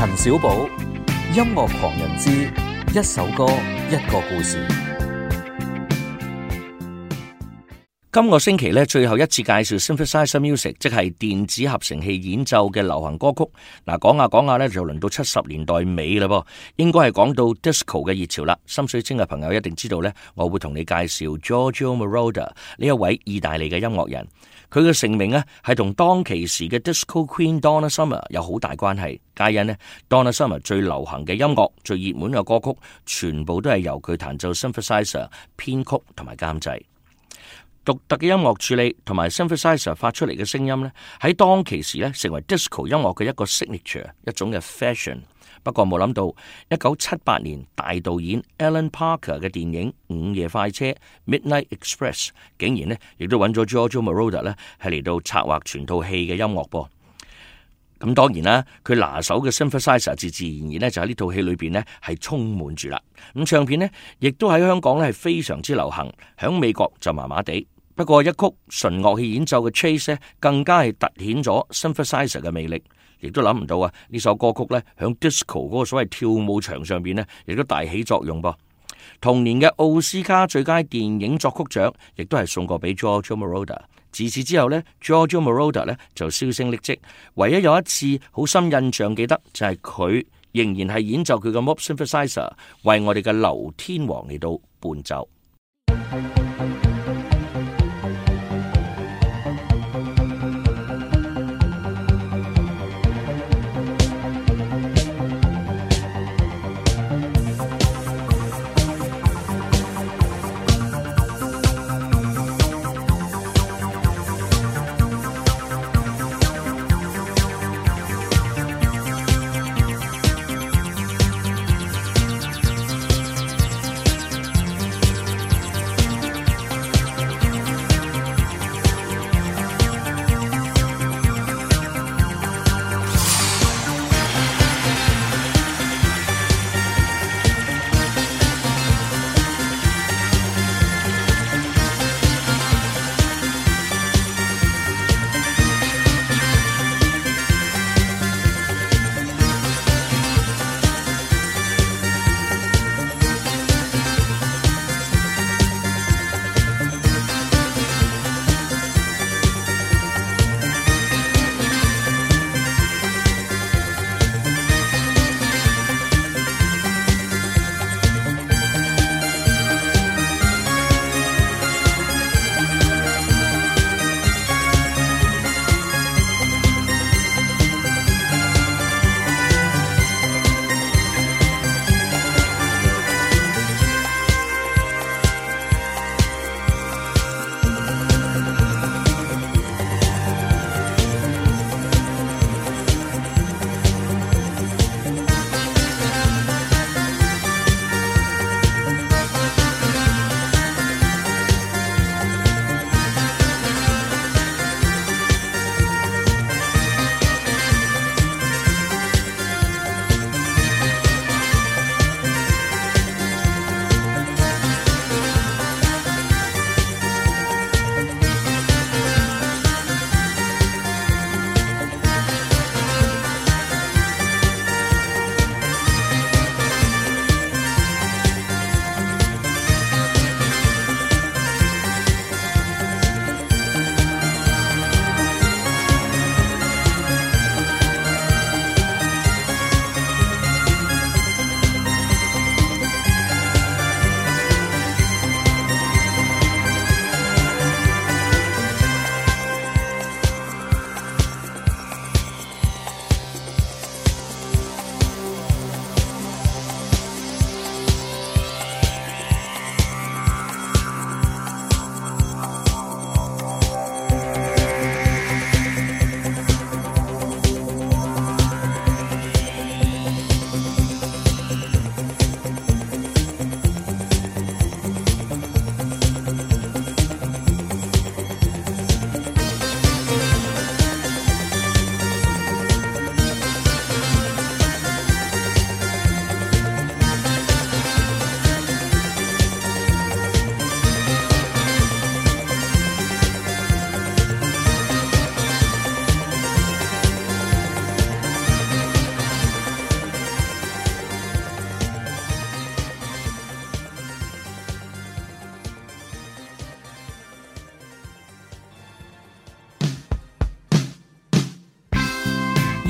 陳少寶，音樂狂人之一首歌一個故事。今個星期咧，最後一次介紹 synthesizer music，即係電子合成器演奏嘅流行歌曲。嗱，講下講下咧，就輪到七十年代尾啦，噃，應該係講到 disco 嘅熱潮啦。心水清嘅朋友一定知道咧，我會同你介紹 Giorgio Moroder，呢一位意大利嘅音樂人，佢嘅成名呢，係同當其時嘅 disco queen Donna Summer 有好大關係。皆因呢 Donna Summer 最流行嘅音樂，最熱門嘅歌曲，全部都係由佢彈奏 synthesizer，編曲同埋監製。獨特嘅音樂處理同埋 synthesizer 發出嚟嘅聲音咧，喺當其時咧，成為 disco 音樂嘅一個 signature 一種嘅 fashion。不過冇諗到，一九七八年大導演 Alan Parker 嘅電影《午夜快車》Midnight Express 竟然咧亦都揾咗 Giorgio Moroder 咧係嚟到策劃全套戲嘅音樂噃。咁當然啦，佢拿手嘅 synthesizer 自自然然咧就喺呢套戲裏邊咧係充滿住啦。咁唱片咧亦都喺香港咧係非常之流行，響美國就麻麻地。不過一曲純樂器演奏嘅 chase 咧更加係突顯咗 synthesizer 嘅魅力，亦都諗唔到啊！呢首歌曲咧響 disco 嗰個所謂跳舞場上邊咧亦都大起作用噃。同年嘅奧斯卡最佳電影作曲獎，亦都係送過俾 Giorgio Moroder。自此之後咧，Giorgio Moroder 咧就銷聲匿跡。唯一有一次好深印象記得，就係、是、佢仍然係演奏佢嘅 Moog synthesizer 為我哋嘅劉天王嚟到伴奏。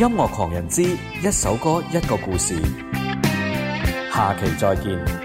音樂狂人之一首歌，一個故事，下期再見。